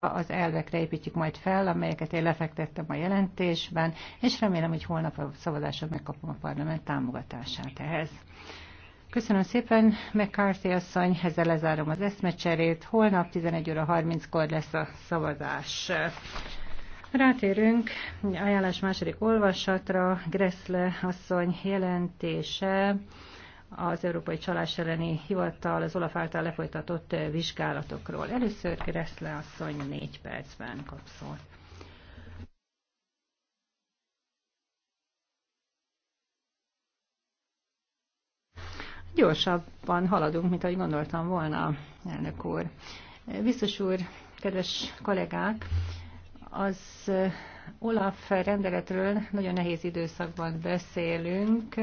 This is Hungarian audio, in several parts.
az elvekre építjük majd fel, amelyeket én lefektettem a jelentésben, és remélem, hogy holnap a szavazáson megkapom a parlament támogatását ehhez. Köszönöm szépen, McCarthy asszony, ezzel lezárom az eszmecserét. Holnap 11 óra 30-kor lesz a szavazás. Rátérünk ajánlás második olvasatra, Gressle asszony jelentése az Európai Csalás elleni Hivatal az Olaf által lefolytatott vizsgálatokról. Először Kereszle asszony négy percben kap Gyorsabban haladunk, mint ahogy gondoltam volna, elnök úr. Biztos úr, kedves kollégák, az Olaf rendeletről nagyon nehéz időszakban beszélünk.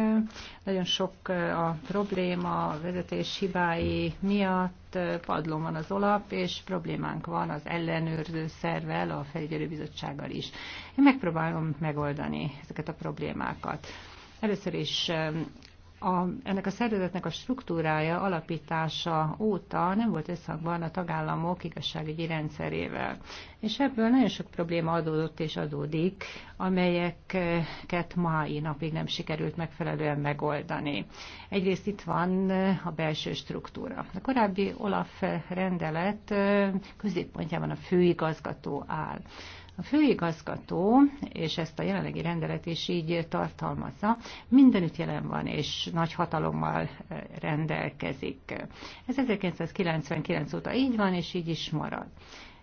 Nagyon sok a probléma a vezetés hibái miatt. Padlón van az Olaf, és problémánk van az ellenőrző szervel, a felügyelőbizottsággal is. Én megpróbálom megoldani ezeket a problémákat. Először is a, ennek a szervezetnek a struktúrája alapítása óta nem volt összhangban a tagállamok igazságügyi rendszerével. És ebből nagyon sok probléma adódott és adódik, amelyeket mai napig nem sikerült megfelelően megoldani. Egyrészt itt van a belső struktúra. A korábbi Olaf rendelet középpontjában a főigazgató áll. A főigazgató, és ezt a jelenlegi rendelet is így tartalmazza, mindenütt jelen van, és nagy hatalommal eh, rendelkezik. Ez 1999 óta így van, és így is marad.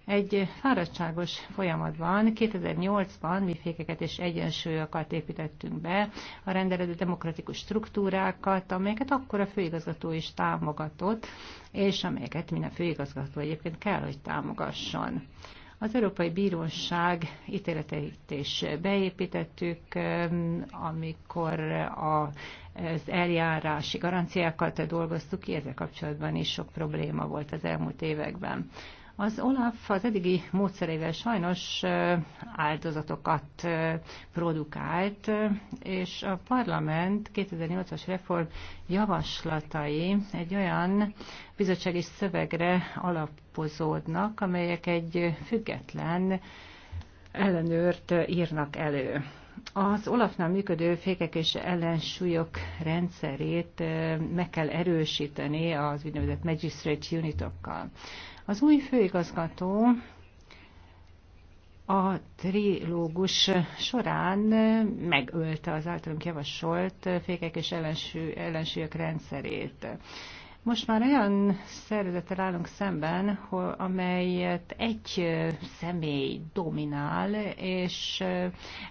Egy fáradtságos folyamatban 2008-ban mi fékeket és egyensúlyokat építettünk be a rendelő demokratikus struktúrákat, amelyeket akkor a főigazgató is támogatott, és amelyeket minden főigazgató egyébként kell, hogy támogasson. Az Európai Bíróság ítéleteit is beépítettük, amikor a az eljárási garanciákat dolgoztuk ki, ezzel kapcsolatban is sok probléma volt az elmúlt években. Az Olaf az eddigi módszereivel sajnos áldozatokat produkált, és a parlament 2008-as reform javaslatai egy olyan bizottsági szövegre alapozódnak, amelyek egy független ellenőrt írnak elő. Az Olafnál működő fékek és ellensúlyok rendszerét meg kell erősíteni az úgynevezett magistrate unitokkal. Az új főigazgató a trilógus során megölte az általunk javasolt fékek és ellensúlyok rendszerét. Most már olyan szervezettel állunk szemben, amelyet egy személy dominál, és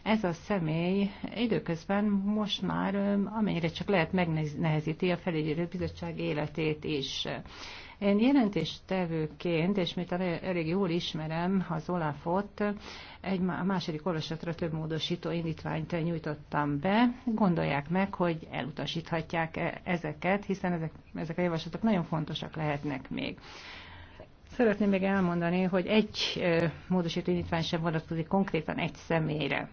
ez a személy időközben most már amennyire csak lehet megnehezíti a felügyelő bizottság életét is. Én jelentéstevőként, és mint elég jól ismerem az Olafot, egy második olvasatra több módosító indítványt nyújtottam be. Gondolják meg, hogy elutasíthatják -e ezeket, hiszen ezek, ezek a javaslatok nagyon fontosak lehetnek még. Szeretném még elmondani, hogy egy módosító indítvány sem vonatkozik konkrétan egy személyre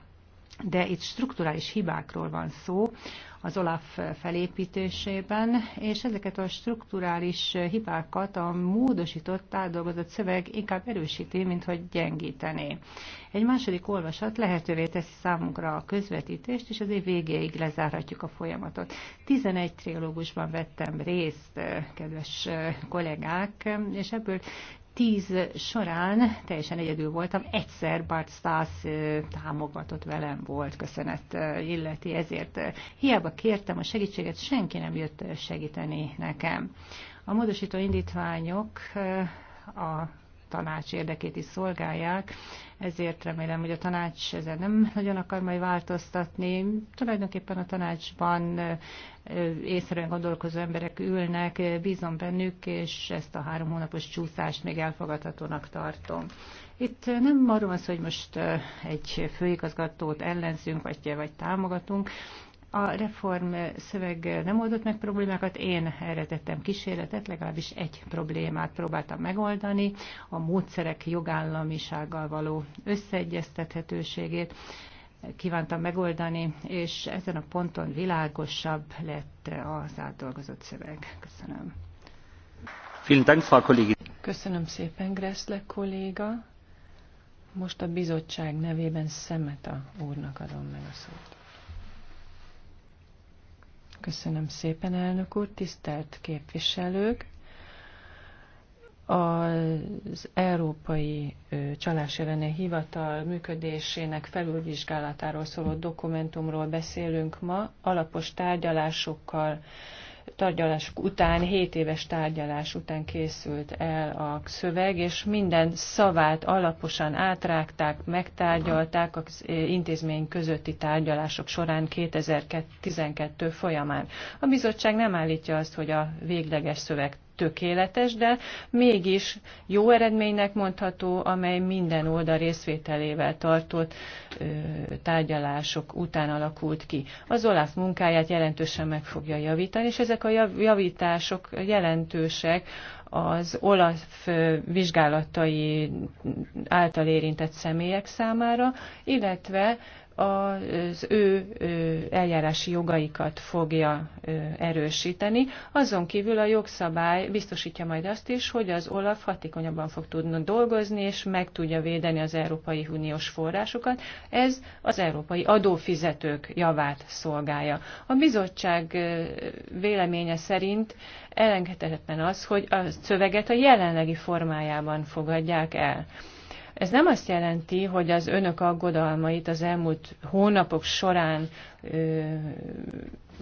de itt strukturális hibákról van szó az OLAF felépítésében, és ezeket a strukturális hibákat a módosított, átdolgozott szöveg inkább erősíti, mint hogy gyengítené. Egy második olvasat lehetővé teszi számunkra a közvetítést, és azért végéig lezárhatjuk a folyamatot. 11 trilógusban vettem részt, kedves kollégák, és ebből tíz során teljesen egyedül voltam, egyszer Bart Stas támogatott velem volt, köszönet illeti ezért. Hiába kértem a segítséget, senki nem jött segíteni nekem. A módosító indítványok a tanács érdekét is szolgálják, ezért remélem, hogy a tanács ezen nem nagyon akar majd változtatni. Tulajdonképpen a tanácsban észszerűen gondolkozó emberek ülnek, bízom bennük, és ezt a három hónapos csúszást még elfogadhatónak tartom. Itt nem arról van szó, hogy most egy főigazgatót ellenzünk, vagy, vagy támogatunk, a reform szöveg nem oldott meg problémákat, én erre tettem kísérletet, legalábbis egy problémát próbáltam megoldani, a módszerek jogállamisággal való összeegyeztethetőségét kívántam megoldani, és ezen a ponton világosabb lett az átdolgozott szöveg. Köszönöm. Köszönöm szépen, Greszle kolléga. Most a bizottság nevében Szemeta úrnak adom meg a szót. Köszönöm szépen, elnök úr, tisztelt képviselők! az Európai Csalás Hivatal működésének felülvizsgálatáról szóló dokumentumról beszélünk ma, alapos tárgyalásokkal, Tárgyalás után, 7 éves tárgyalás után készült el a szöveg, és minden szavát alaposan átrágták, megtárgyalták az eh, intézmény közötti tárgyalások során 2012 folyamán. A bizottság nem állítja azt, hogy a végleges szöveg tökéletes, de mégis jó eredménynek mondható, amely minden oldal részvételével tartott ö, tárgyalások után alakult ki. Az OLAF munkáját jelentősen meg fogja javítani, és ezek a javítások jelentősek az OLAF vizsgálatai által érintett személyek számára, illetve az ő eljárási jogaikat fogja erősíteni. Azon kívül a jogszabály biztosítja majd azt is, hogy az OLAF hatékonyabban fog tudni dolgozni, és meg tudja védeni az Európai Uniós forrásokat. Ez az európai adófizetők javát szolgálja. A bizottság véleménye szerint elengedhetetlen az, hogy a szöveget a jelenlegi formájában fogadják el. Ez nem azt jelenti, hogy az önök aggodalmait az elmúlt hónapok során ö,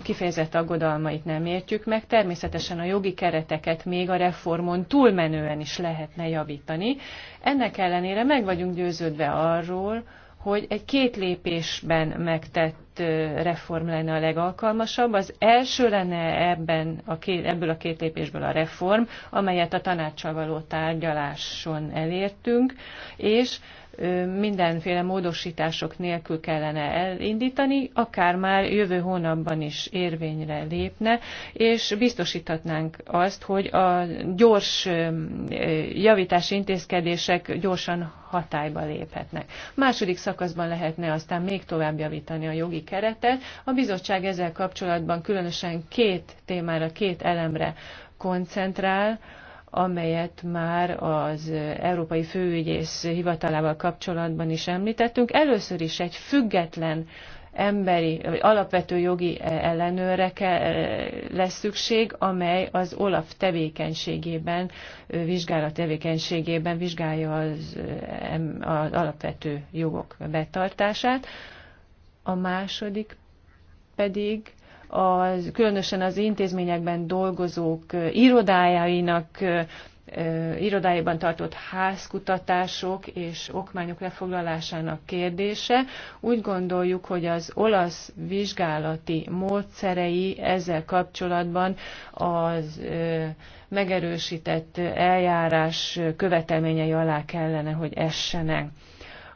kifejezett aggodalmait nem értjük meg. Természetesen a jogi kereteket még a reformon túlmenően is lehetne javítani. Ennek ellenére meg vagyunk győződve arról, hogy egy két lépésben megtett két reform lenne a legalkalmasabb. Az első lenne ebben a két, ebből a két lépésből a reform, amelyet a tanácssal való tárgyaláson elértünk, és mindenféle módosítások nélkül kellene elindítani, akár már jövő hónapban is érvényre lépne, és biztosíthatnánk azt, hogy a gyors javítási intézkedések gyorsan hatályba léphetnek. Második szakaszban lehetne aztán még tovább javítani a jogi keretet. A bizottság ezzel kapcsolatban különösen két témára, két elemre koncentrál, amelyet már az Európai Főügyész hivatalával kapcsolatban is említettünk. Először is egy független emberi, vagy alapvető jogi eh, ellenőre eh, lesz szükség, amely az OLAF tevékenységében, eh, vizsgálat tevékenységében vizsgálja az, az alapvető jogok betartását a második pedig az, különösen az intézményekben dolgozók irodájainak irodájában tartott házkutatások és okmányok lefoglalásának kérdése. Úgy gondoljuk, hogy az olasz vizsgálati módszerei ezzel kapcsolatban az megerősített eljárás követelményei alá kellene, hogy essenek.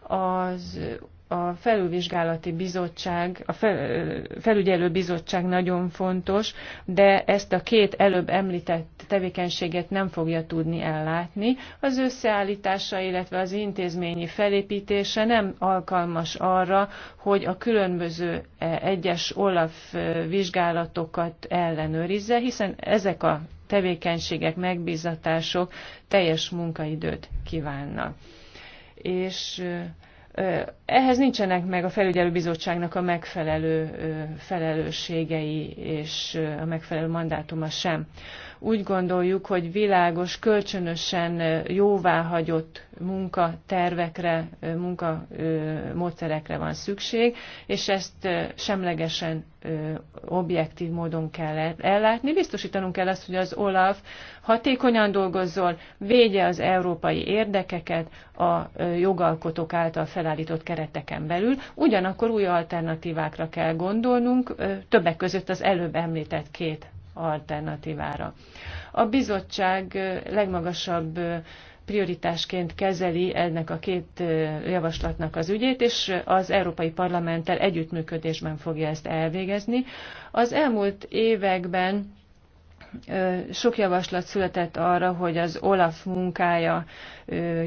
Az a felülvizsgálati bizottság, a felügyelő bizottság nagyon fontos, de ezt a két előbb említett tevékenységet nem fogja tudni ellátni. Az összeállítása, illetve az intézményi felépítése nem alkalmas arra, hogy a különböző e, egyes OLAF vizsgálatokat ellenőrizze, hiszen ezek a tevékenységek, megbízatások teljes munkaidőt kívánnak. És ehhez nincsenek meg a felügyelőbizottságnak a megfelelő felelősségei és a megfelelő mandátuma sem. Úgy gondoljuk, hogy világos, kölcsönösen jóváhagyott munkatervekre, munkamódszerekre van szükség, és ezt semlegesen objektív módon kell ellátni. Biztosítanunk kell azt, hogy az OLAF hatékonyan dolgozzon, védje az európai érdekeket a jogalkotók által felállított kereteken belül. Ugyanakkor új alternatívákra kell gondolnunk, többek között az előbb említett két alternatívára. A bizottság legmagasabb prioritásként kezeli ennek a két javaslatnak az ügyét, és az Európai Parlamenttel együttműködésben fogja ezt elvégezni. Az elmúlt években sok javaslat született arra, hogy az OLAF munkája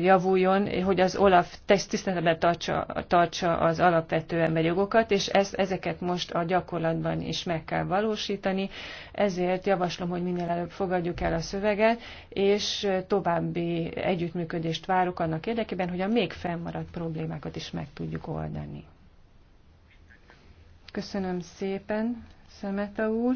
javuljon, hogy az OLAF tiszteletben tartsa, tartsa az alapvető emberi jogokat, és ezt, ezeket most a gyakorlatban is meg kell valósítani. Ezért javaslom, hogy minél előbb fogadjuk el a szöveget, és további együttműködést várok annak érdekében, hogy a még fennmaradt problémákat is meg tudjuk oldani. Köszönöm szépen, Szemeta úr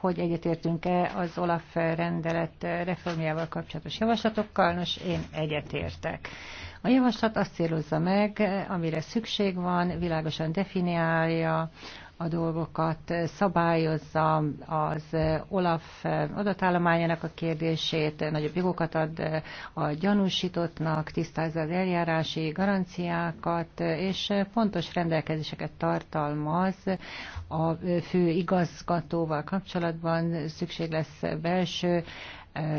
hogy egyetértünk-e az Olaf rendelet reformjával kapcsolatos javaslatokkal. Nos, én egyetértek. A javaslat azt célozza meg, amire szükség van, világosan definiálja a dolgokat, szabályozza az OLAF adatállományának a kérdését, nagyobb jogokat ad a gyanúsítottnak, tisztázza az eljárási garanciákat, és pontos rendelkezéseket tartalmaz a fő igazgatóval kapcsolatban szükség lesz belső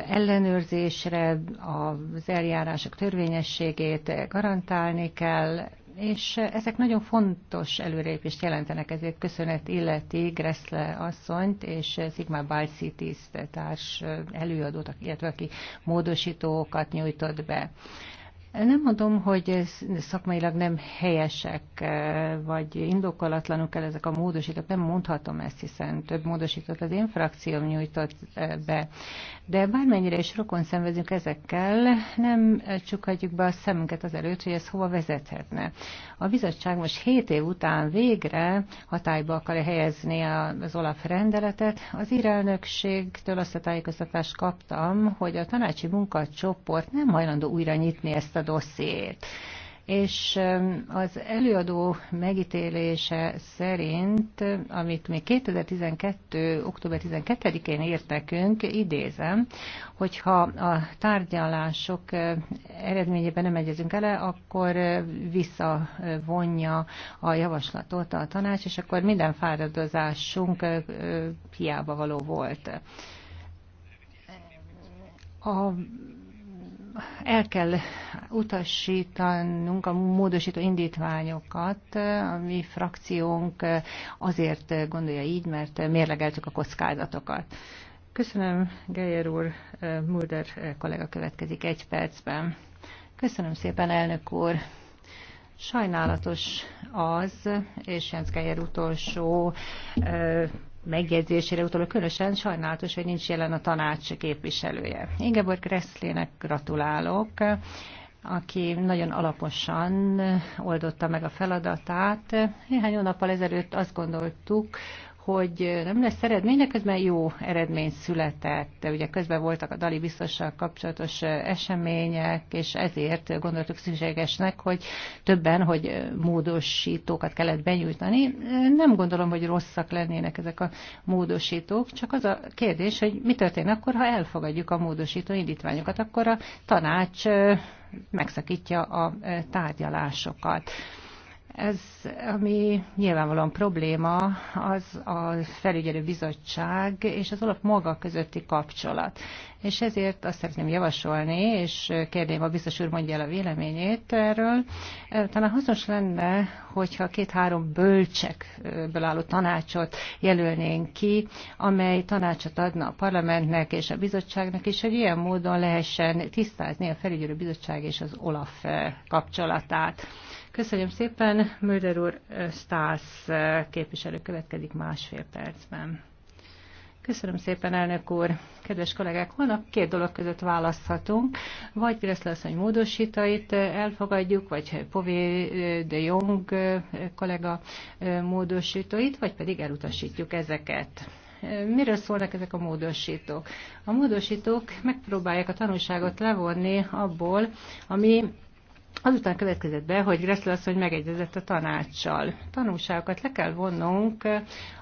ellenőrzésre, az eljárások törvényességét garantálni kell, és ezek nagyon fontos előrépést jelentenek, ezért köszönet illeti Gressle asszonyt és Sigmar Balcitis társ előadót, illetve aki módosítókat nyújtott be. Nem mondom, hogy szakmailag nem helyesek, eh, vagy indokolatlanok el ezek a módosítók, nem mondhatom ezt, hiszen több módosítót az én frakcióm nyújtott eh, be. De bármennyire is rokon szenvedünk ezekkel, nem csukhatjuk be a szemünket az előtt, hogy ez hova vezethetne. A bizottság most 7 év után végre hatályba akarja helyezni az Olaf rendeletet. Az irelnökségtől azt a tájékoztatást kaptam, hogy a tanácsi munkacsoport nem hajlandó újra nyitni ezt a dossziét és az előadó megítélése szerint, amit még 2012. október 12-én írt nekünk, idézem, hogyha a tárgyalások eredményében nem egyezünk ele, akkor visszavonja a javaslatot a tanács, és akkor minden fáradozásunk hiába való volt. A el kell utasítanunk a módosító indítványokat. A mi frakciónk azért gondolja így, mert mérlegeltük a kockázatokat. Köszönöm, Geyer úr, Mulder kollega következik egy percben. Köszönöm szépen, elnök úr. Sajnálatos az, és Jens Geyer utolsó megjegyzésére utoló különösen sajnálatos, hogy nincs jelen a tanács képviselője. Ingeborg Kreszlének gratulálok aki nagyon alaposan oldotta meg a feladatát. Néhány hónappal ezelőtt azt gondoltuk, hogy nem lesz eredmény, de közben jó eredmény született. De ugye közben voltak a Dali biztossal kapcsolatos események, és ezért gondoltuk szükségesnek, hogy többen, hogy módosítókat kellett benyújtani. Nem gondolom, hogy rosszak lennének ezek a módosítók, csak az a kérdés, hogy mi történik akkor, ha elfogadjuk a módosító indítványokat, akkor a tanács megszakítja a tárgyalásokat. Ez, ami nyilvánvalóan probléma, az a felügyelő bizottság és az Olaf maga közötti kapcsolat. És ezért azt szeretném javasolni, és kérném a biztos úr mondja el a véleményét erről. Eh, talán hasznos lenne, hogyha két-három bölcsekből álló tanácsot jelölnénk ki, amely tanácsot adna a parlamentnek és a bizottságnak és hogy ilyen módon lehessen tisztázni a felügyelő bizottság és az OLAF eh, kapcsolatát. Köszönöm szépen, Mölder úr, Stász képviselő következik másfél percben. Köszönöm szépen, elnök úr. Kedves kollégák, holnap két dolog között választhatunk, vagy Greszle asszony módosítait elfogadjuk, vagy Pové de Jong kollega módosítóit, vagy pedig elutasítjuk ezeket. Miről szólnak ezek a módosítók? A módosítók megpróbálják a tanulságot levonni abból, ami Azután következett be, hogy Gressler hogy megegyezett a tanácssal. Tanulságokat le kell vonnunk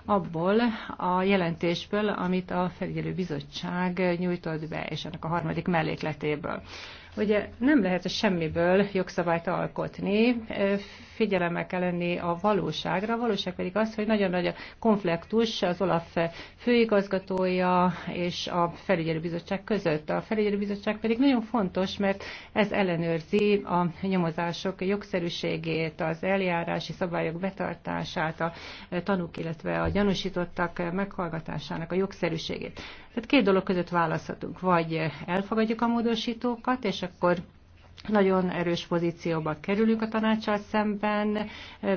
abból a jelentésből, amit a felügyelő bizottság nyújtott be, és ennek a harmadik mellékletéből. Ugye nem lehet a semmiből jogszabályt alkotni, figyelemmel kell lenni a valóságra. A valóság pedig az, hogy nagyon nagy a konfliktus az Olaf főigazgatója és a felügyelőbizottság között. A felügyelőbizottság pedig nagyon fontos, mert ez ellenőrzi a nyomozások jogszerűségét, az eljárási szabályok betartását, a tanúk, illetve a gyanúsítottak meghallgatásának a jogszerűségét. Tehát két dolog között választhatunk. Vagy elfogadjuk a módosítókat, és akkor nagyon erős pozícióba kerülünk a tanácsal szemben,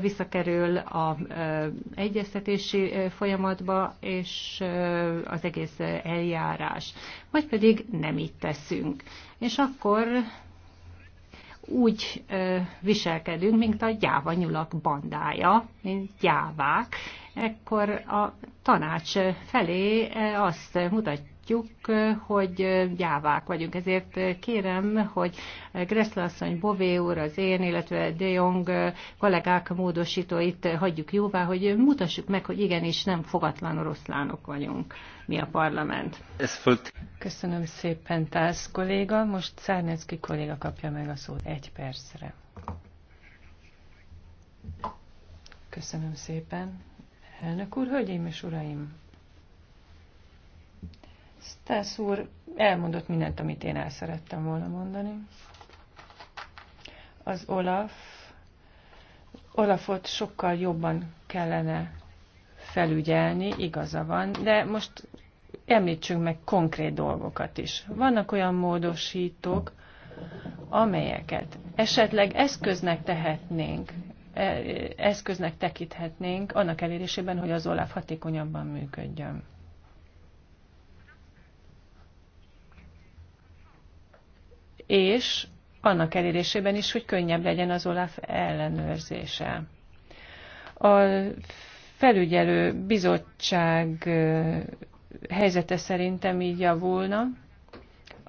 visszakerül a egyeztetési folyamatba, és az egész eljárás. Vagy pedig nem így teszünk. És akkor úgy viselkedünk, mint a gyáva nyulak bandája, mint gyávák, ekkor a tanács felé eh, azt mutatjuk, hogy eh, gyávák vagyunk. Ezért eh, kérem, hogy Gressler asszony, Bové úr, az én, illetve De Jong kollégák módosítóit hagyjuk jóvá, hogy mutassuk meg, hogy igenis nem fogatlan oroszlánok vagyunk mi a parlament. Ez Köszönöm szépen, Tász kolléga. Most Szárnecki kolléga kapja meg a szót egy percre. Köszönöm szépen. Elnök úr, hölgyeim és uraim! Stász úr elmondott mindent, amit én el szerettem volna mondani. Az Olaf, Olafot sokkal jobban kellene felügyelni, igaza van, de most említsünk meg konkrét dolgokat is. Vannak olyan módosítók, amelyeket esetleg eszköznek tehetnénk E, eszköznek tekinthetnénk annak elérésében, hogy az OLAF hatékonyabban működjön. És annak elérésében is, hogy könnyebb legyen az OLAF ellenőrzése. A felügyelő bizottság e, helyzete szerintem így javulna,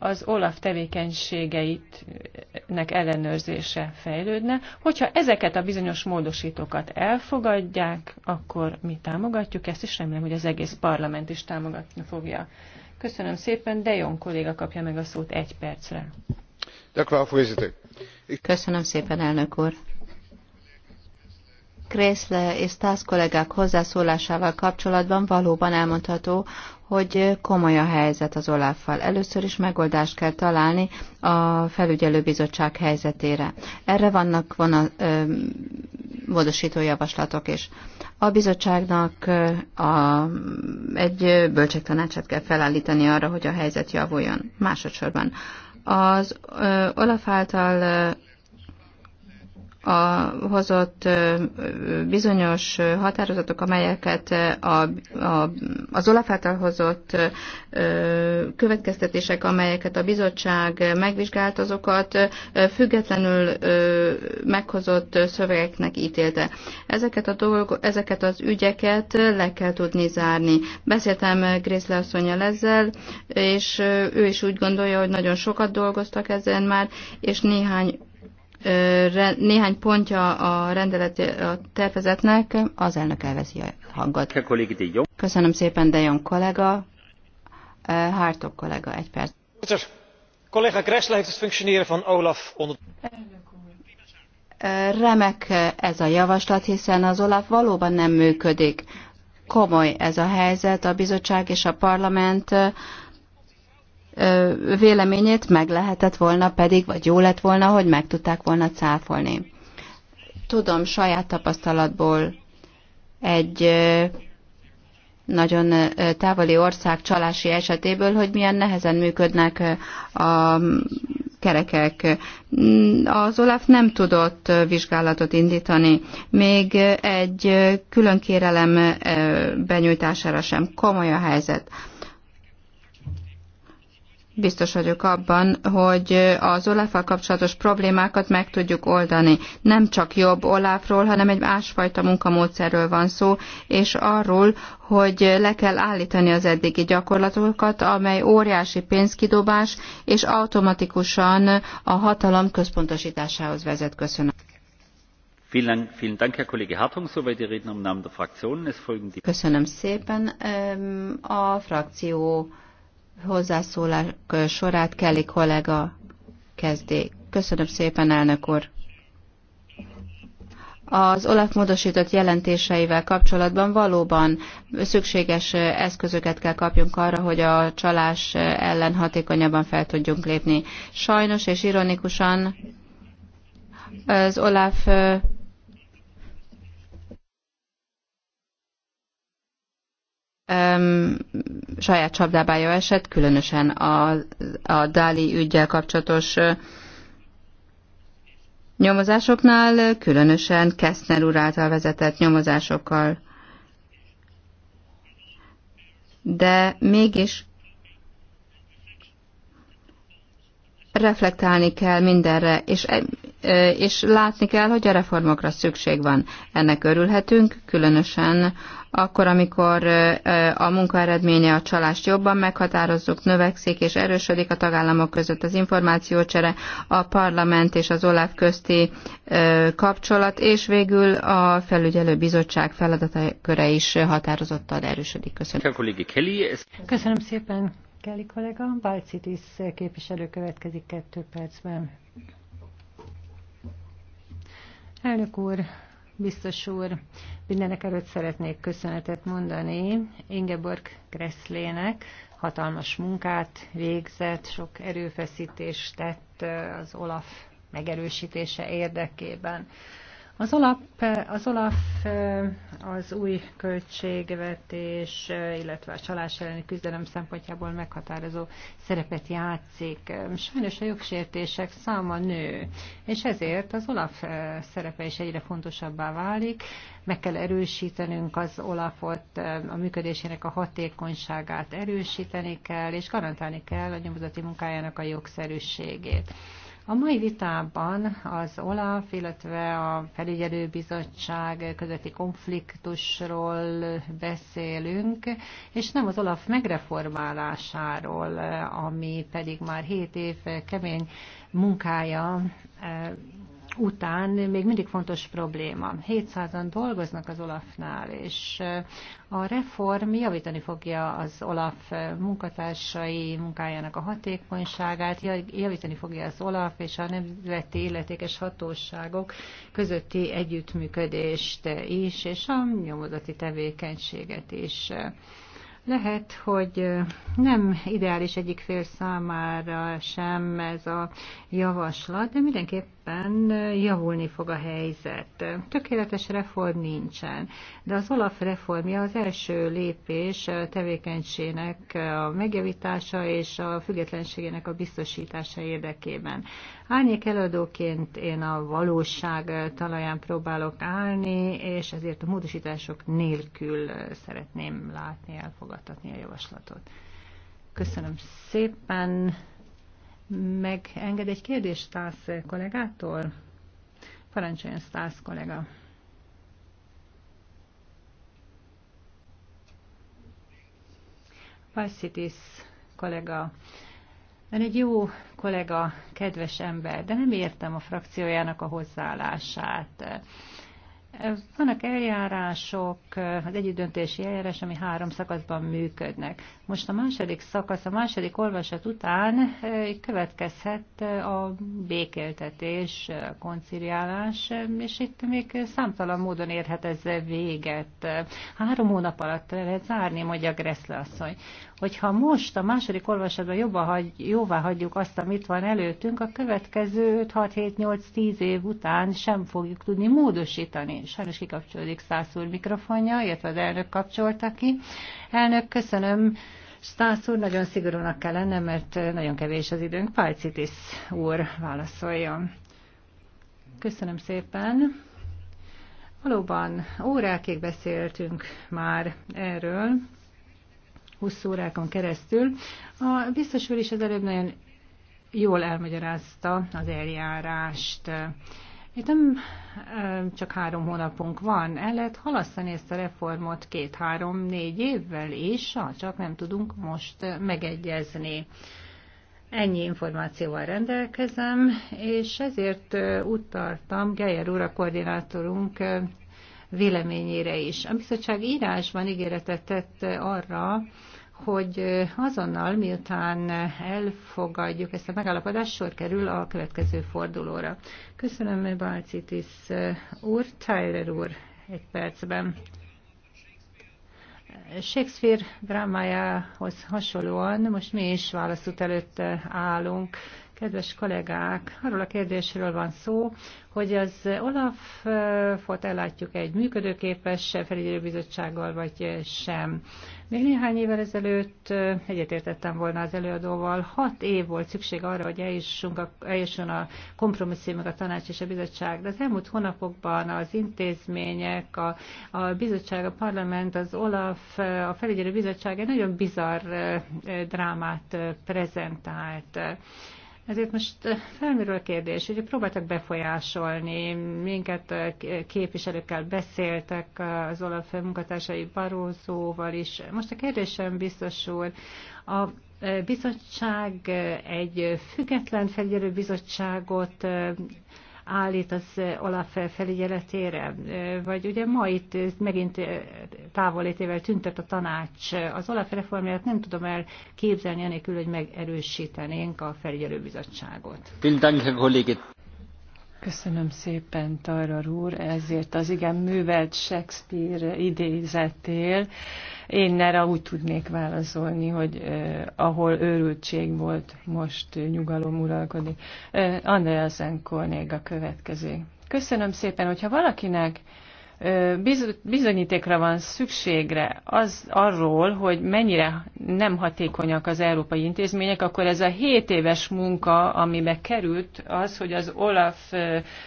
az OLAF tevékenységeinek ellenőrzése fejlődne. Hogyha ezeket a bizonyos módosítókat elfogadják, akkor mi támogatjuk ezt, és remélem, hogy az egész parlament is támogatni fogja. Köszönöm szépen, de Jon kolléga kapja meg a szót egy percre. Köszönöm szépen, elnök úr. Kreszle és Stász kollégák hozzászólásával kapcsolatban valóban elmondható, hogy komoly a helyzet az Oláffal. Először is megoldást kell találni a felügyelőbizottság helyzetére. Erre vannak vona, ö, módosító javaslatok is. A bizottságnak a, egy bölcsektanácsát kell felállítani arra, hogy a helyzet javuljon. Másodszorban az ö, Olaf által a hozott bizonyos határozatok, amelyeket a, a, az Olaf által hozott következtetések, amelyeket a bizottság megvizsgált, azokat függetlenül meghozott szövegeknek ítélte. Ezeket, a dolgo, ezeket az ügyeket le kell tudni zárni. Beszéltem Grészle asszonyjal ezzel, és ő is úgy gondolja, hogy nagyon sokat dolgoztak ezen már, és néhány néhány pontja a rendelet a tervezetnek, az elnök elveszi a hangot. Köszönöm szépen, de jó, kollega. Hártok kollega, egy perc. Collega Gressle heeft het functioneren van Olaf onder... Remek ez a javaslat, hiszen az Olaf valóban nem működik. Komoly ez a helyzet, a bizottság és a parlament véleményét meg lehetett volna pedig, vagy jó lett volna, hogy meg tudták volna cáfolni. Tudom saját tapasztalatból egy nagyon távoli ország csalási esetéből, hogy milyen nehezen működnek a kerekek. Az Olaf nem tudott vizsgálatot indítani, még egy külön kérelem benyújtására sem. Komoly a helyzet biztos vagyok abban, hogy az olaf kapcsolatos problémákat meg tudjuk oldani. Nem csak jobb Olafról, hanem egy másfajta munkamódszerről van szó, és arról, hogy le kell állítani az eddigi gyakorlatokat, amely óriási pénzkidobás, és automatikusan a hatalom központosításához vezet. Köszönöm. Köszönöm szépen. A frakció Hozzászólás sorát Kelly kollega kezdé. Köszönöm szépen, elnök úr! Az OLAF módosított jelentéseivel kapcsolatban valóban szükséges eszközöket kell kapjunk arra, hogy a csalás ellen hatékonyabban fel tudjunk lépni. Sajnos és ironikusan az OLAF um, saját csapdábája esett, különösen a, a Dáli ügyel kapcsolatos uh, nyomozásoknál, különösen Kessner úr által vezetett nyomozásokkal. De mégis reflektálni kell mindenre, és, és látni kell, hogy a reformokra szükség van. Ennek örülhetünk, különösen akkor, amikor a munkaeredménye a csalást jobban meghatározzuk, növekszik és erősödik a tagállamok között az információcsere, a parlament és az OLAF közti kapcsolat, és végül a felügyelő bizottság feladatköre is határozottan erősödik. Köszönöm. Köszönöm szépen, Kelly kollega. Balcitis képviselő következik kettő percben. Elnök úr, Biztos úr, mindenek előtt szeretnék köszönetet mondani Ingeborg Kresslének, hatalmas munkát végzett, sok erőfeszítést tett az Olaf megerősítése érdekében. Az, alap, az OLAF az új költségvetés, illetve a csalás elleni küzdelem szempontjából meghatározó szerepet játszik. Sajnos a jogsértések száma nő, és ezért az OLAF eh, szerepe is egyre fontosabbá válik. Meg kell erősítenünk az OLAFot, eh, a működésének a hatékonyságát erősíteni kell, és garantálni kell a nyomozati munkájának a jogszerűségét. A mai vitában az OLAF, illetve a felügyelőbizottság közötti konfliktusról beszélünk, és nem az OLAF megreformálásáról, ami pedig már hét év kemény munkája után még mindig fontos probléma. 700-an dolgoznak az Olafnál, és eh, a reform javítani fogja az Olaf eh, munkatársai munkájának a hatékonyságát, javítani fogja az Olaf és a nemzeti illetékes hatóságok közötti együttműködést eh, is, és a nyomozati tevékenységet is. Lehet, hogy nem ideális egyik fél számára sem ez a javaslat, de mindenképp mindenképpen javulni fog a helyzet. Tökéletes reform nincsen, de az Olaf reformja az első lépés tevékenységének a megjavítása és a függetlenségének a biztosítása érdekében. Árnyék előadóként én a valóság talaján próbálok állni, és ezért a módosítások nélkül szeretném látni, elfogadtatni a javaslatot. Köszönöm szépen! megenged egy kérdést Stász kollégától? Parancsoljon Stász kollega. Vassitis kollega. Ön egy jó kollega, kedves ember, de nem értem a frakciójának a hozzáállását vannak eljárások, az együttdöntési eljárás, ami három szakaszban működnek. Most a második szakasz, a második olvasat után eh, következhet eh, a békéltetés, eh, a konciliálás, és itt még számtalan módon érhet ez véget. Három hónap alatt lehet zárni, mondja Greszle asszony. Hogyha most a második olvasatban jobban hagy, jóvá hagyjuk azt, amit van előttünk, a következő 5-6-7-8-10 év után sem fogjuk tudni módosítani. Sajnos kikapcsolódik úr mikrofonja, illetve az elnök kapcsolta ki. Elnök, köszönöm. Stász úr, nagyon szigorúnak kell lennem, mert nagyon kevés az időnk. Pálcitis úr válaszoljon. Köszönöm szépen. Valóban órákig beszéltünk már erről, hosszú órákon keresztül. A biztos úr is az előbb nagyon jól elmagyarázta az eljárást. Itt nem csak három hónapunk van, el lehet halasztani ezt a reformot két-három-négy évvel is, ha csak nem tudunk most megegyezni. Ennyi információval rendelkezem, és ezért utaltam Geyer úr a koordinátorunk véleményére is. A bizottság írásban ígéretet tett arra, hogy azonnal, miután elfogadjuk ezt a megállapodást, sor kerül a következő fordulóra. Köszönöm, Balcitis úr, Tyler úr, egy percben. Shakespeare drámájához hasonlóan most mi is választott előtt állunk. Kedves kollégák, arról a kérdésről van szó, hogy az Olafot ellátjuk egy működőképes felügyelőbizottsággal, vagy sem. Még néhány évvel ezelőtt egyetértettem volna az előadóval, hat év volt szükség arra, hogy eljussunk a, eljusson a meg a tanács és a bizottság, de az elmúlt hónapokban az intézmények, a, a bizottság, a parlament, az Olaf, a felügyelőbizottság bizottság egy nagyon bizarr eh, drámát eh, prezentált. Ezért most eh, felmerül a kérdés, hogy próbáltak befolyásolni, minket eh, képviselőkkel beszéltek, az Olaf munkatársai Barózóval is. Most a kérdésem biztos úr, a eh, bizottság egy független felügyelő bizottságot állít az Olaf felügyeletére, vagy ugye ma itt megint távolétével tüntet a tanács. Az Olaf reformját nem tudom el képzelni anélkül, hogy megerősítenénk a felügyelőbizottságot. Köszönöm szépen, Tarrar úr, ezért az igen művelt Shakespeare idézetél. Én erre úgy tudnék válaszolni, hogy eh, ahol őrültség volt, most eh, nyugalom uralkodik. Eh, Zenkornég a következő. Köszönöm szépen, hogyha valakinek bizonyítékra van szükségre az arról, hogy mennyire nem hatékonyak az európai intézmények, akkor ez a 7 éves munka, amibe került az, hogy az OLAF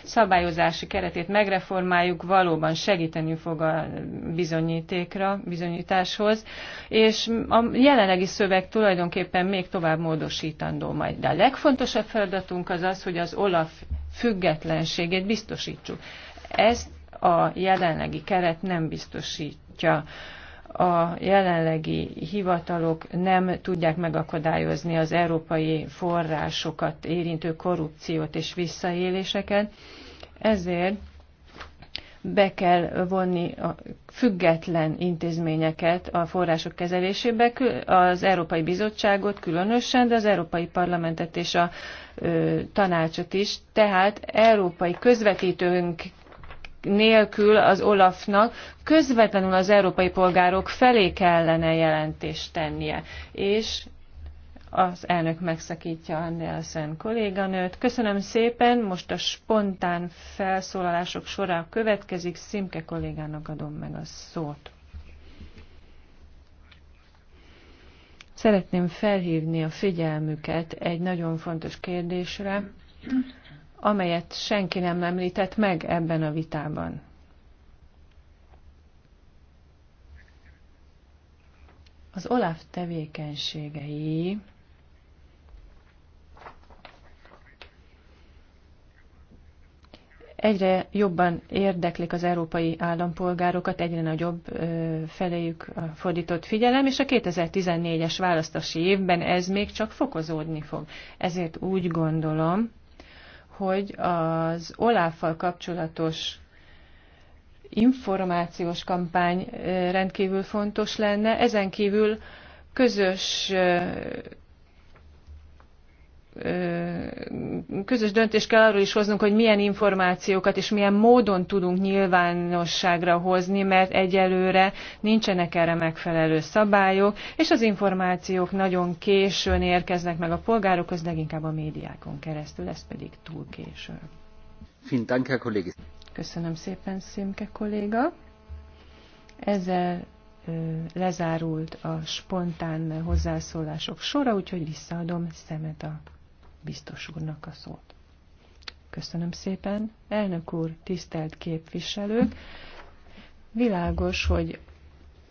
szabályozási keretét megreformáljuk, valóban segíteni fog a bizonyítékra, bizonyításhoz, és a jelenlegi szöveg tulajdonképpen még tovább módosítandó majd. De a legfontosabb feladatunk az az, hogy az OLAF függetlenségét biztosítsuk. Ezt a jelenlegi keret nem biztosítja a jelenlegi hivatalok nem tudják megakadályozni az európai forrásokat érintő korrupciót és visszaéléseket, ezért be kell vonni a független intézményeket a források kezelésébe, az Európai Bizottságot különösen, de az Európai Parlamentet és a tanácsot is. Tehát európai közvetítőnk nélkül az Olafnak közvetlenül az európai polgárok felé kellene jelentést tennie. És az elnök megszakítja Andelsen kolléganőt. Köszönöm szépen, most a spontán felszólalások során következik, Szimke kollégának adom meg a szót. Szeretném felhívni a figyelmüket egy nagyon fontos kérdésre, amelyet senki nem említett meg ebben a vitában. Az Olaf tevékenységei egyre jobban érdeklik az európai állampolgárokat, egyre nagyobb feléjük a fordított figyelem, és a 2014-es választási évben ez még csak fokozódni fog. Ezért úgy gondolom, hogy az oláffal kapcsolatos információs kampány eh, rendkívül fontos lenne. Ezen kívül közös eh, közös döntést kell arról is hoznunk, hogy milyen információkat és milyen módon tudunk nyilvánosságra hozni, mert egyelőre nincsenek erre megfelelő szabályok, és az információk nagyon későn érkeznek meg a polgárokhoz, leginkább a médiákon keresztül, ez pedig túl késő. Köszönöm szépen, Szimke kolléga. Ezzel lezárult a spontán hozzászólások sora, úgyhogy visszaadom szemet a biztos úrnak a szót. Köszönöm szépen. Elnök úr, tisztelt képviselők! Világos, hogy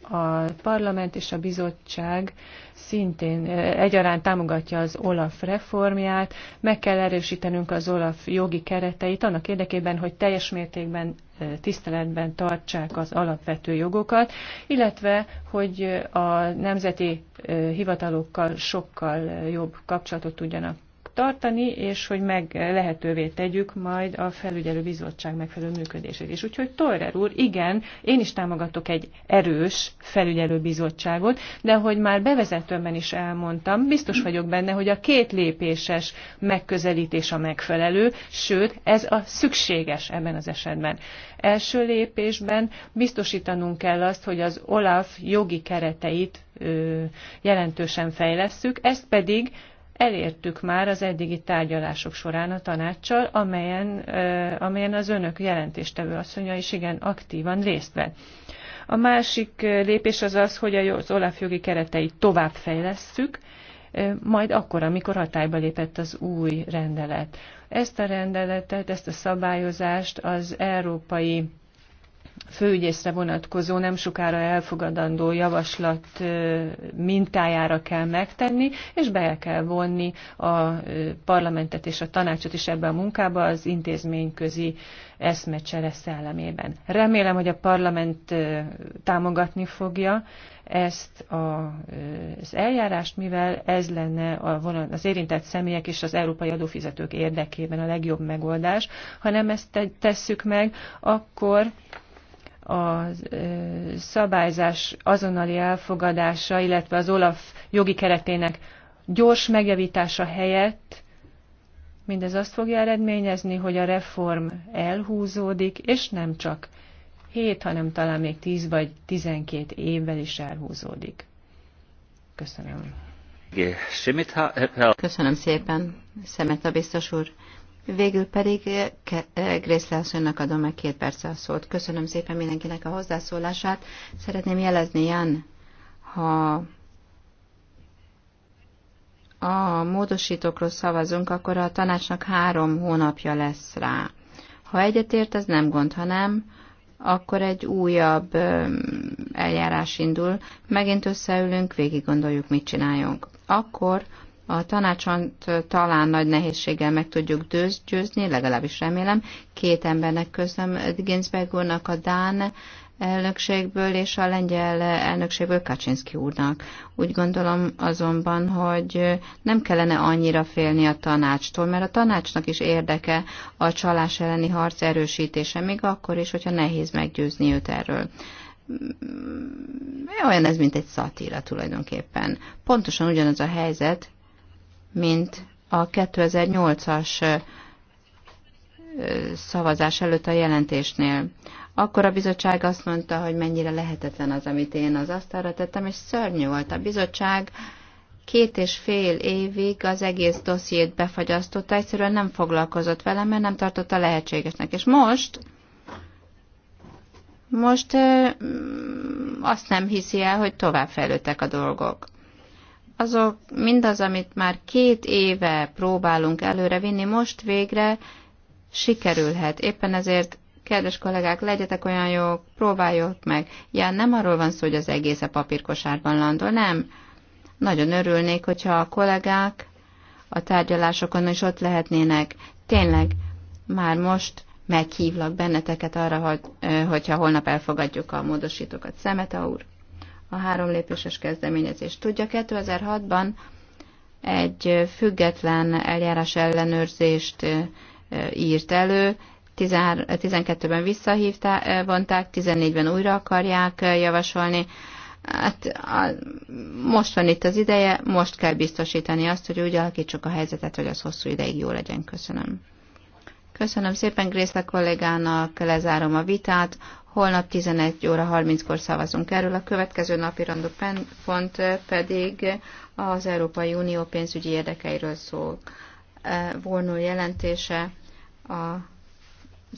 a parlament és a bizottság szintén eh, egyaránt támogatja az OLAF reformját, meg kell erősítenünk az OLAF jogi kereteit annak érdekében, hogy teljes mértékben eh, tiszteletben tartsák az alapvető jogokat, illetve hogy a nemzeti eh, hivatalokkal sokkal jobb kapcsolatot tudjanak tartani, és hogy meg lehetővé tegyük majd a felügyelő bizottság megfelelő működését is. Úgyhogy Torrer úr, igen, én is támogatok egy erős felügyelő bizottságot, de hogy már bevezetőmben is elmondtam, biztos vagyok benne, hogy a két lépéses megközelítés a megfelelő, sőt, ez a szükséges ebben az esetben. Első lépésben biztosítanunk kell azt, hogy az OLAF jogi kereteit jelentősen fejlesszük, ezt pedig elértük már az eddigi tárgyalások során a tanácssal, amelyen, amelyen az önök jelentéstevő asszonya is igen aktívan részt vett. A másik lépés az az, hogy az OLAF jogi kereteit fejlesztjük, majd akkor, amikor hatályba lépett az új rendelet. Ezt a rendeletet, ezt a szabályozást az európai főügyészre vonatkozó nem sokára elfogadandó javaslat mintájára kell megtenni, és be kell vonni a parlamentet és a tanácsot is ebbe a munkába az intézményközi eszmecsere szellemében. Remélem, hogy a parlament támogatni fogja ezt a, az eljárást, mivel ez lenne a vonat, az érintett személyek és az európai adófizetők érdekében a legjobb megoldás. Ha nem ezt tesszük meg, akkor a szabályzás azonnali elfogadása, illetve az OLAF jogi keretének gyors megjavítása helyett mindez azt fogja eredményezni, hogy a reform elhúzódik, és nem csak 7, hanem talán még 10 vagy 12 évvel is elhúzódik. Köszönöm. Köszönöm szépen, Szemeta biztos úr. Végül pedig eh, eh, Grace Lászlónak adom meg két perc a szót. Köszönöm szépen mindenkinek a hozzászólását. Szeretném jelezni, Jan, ha a módosítókról szavazunk, akkor a tanácsnak három hónapja lesz rá. Ha egyetért, ez nem gond, hanem akkor egy újabb eljárás indul, megint összeülünk, végig gondoljuk, mit csináljunk. Akkor a tanácsont talán nagy nehézséggel meg tudjuk győzni, legalábbis remélem. Két embernek közöm, Ginsberg úrnak a Dán elnökségből és a lengyel elnökségből Kaczynski úrnak. Úgy gondolom azonban, hogy nem kellene annyira félni a tanácstól, mert a tanácsnak is érdeke a csalás elleni harc erősítése, még akkor is, hogyha nehéz meggyőzni őt erről mm, olyan ez, mint egy szatíra tulajdonképpen. Pontosan ugyanaz a helyzet, mint a 2008-as szavazás előtt a jelentésnél. Akkor a bizottság azt mondta, hogy mennyire lehetetlen az, amit én az asztalra tettem, és szörnyű volt. A bizottság két és fél évig az egész dossziét befagyasztotta, egyszerűen nem foglalkozott velem, mert nem tartotta lehetségesnek. És most, most azt nem hiszi el, hogy tovább fejlődtek a dolgok azok, mindaz, amit már két éve próbálunk előrevinni, most végre sikerülhet. Éppen ezért, kedves kollégák, legyetek olyan jók, próbáljuk meg. Ja, nem arról van szó, hogy az egész a papírkosárban landol, nem. Nagyon örülnék, hogyha a kollégák a tárgyalásokon is ott lehetnének. Tényleg, már most meghívlak benneteket arra, hogy, hogyha holnap elfogadjuk a módosítókat. Szemete úr! a három lépéses kezdeményezést. Tudja, 2006-ban egy független eljárás ellenőrzést írt elő, 12-ben visszavonták, 14-ben újra akarják javasolni. Hát a, most van itt az ideje, most kell biztosítani azt, hogy úgy alakítsuk a helyzetet, hogy az hosszú ideig jó legyen. Köszönöm. Köszönöm szépen Grészle kollégának, lezárom a vitát. Holnap 11 óra 30-kor szavazunk erről. A következő napi pont eh, pedig az Európai Unió pénzügyi érdekeiről szól. Eh, Vornó jelentése a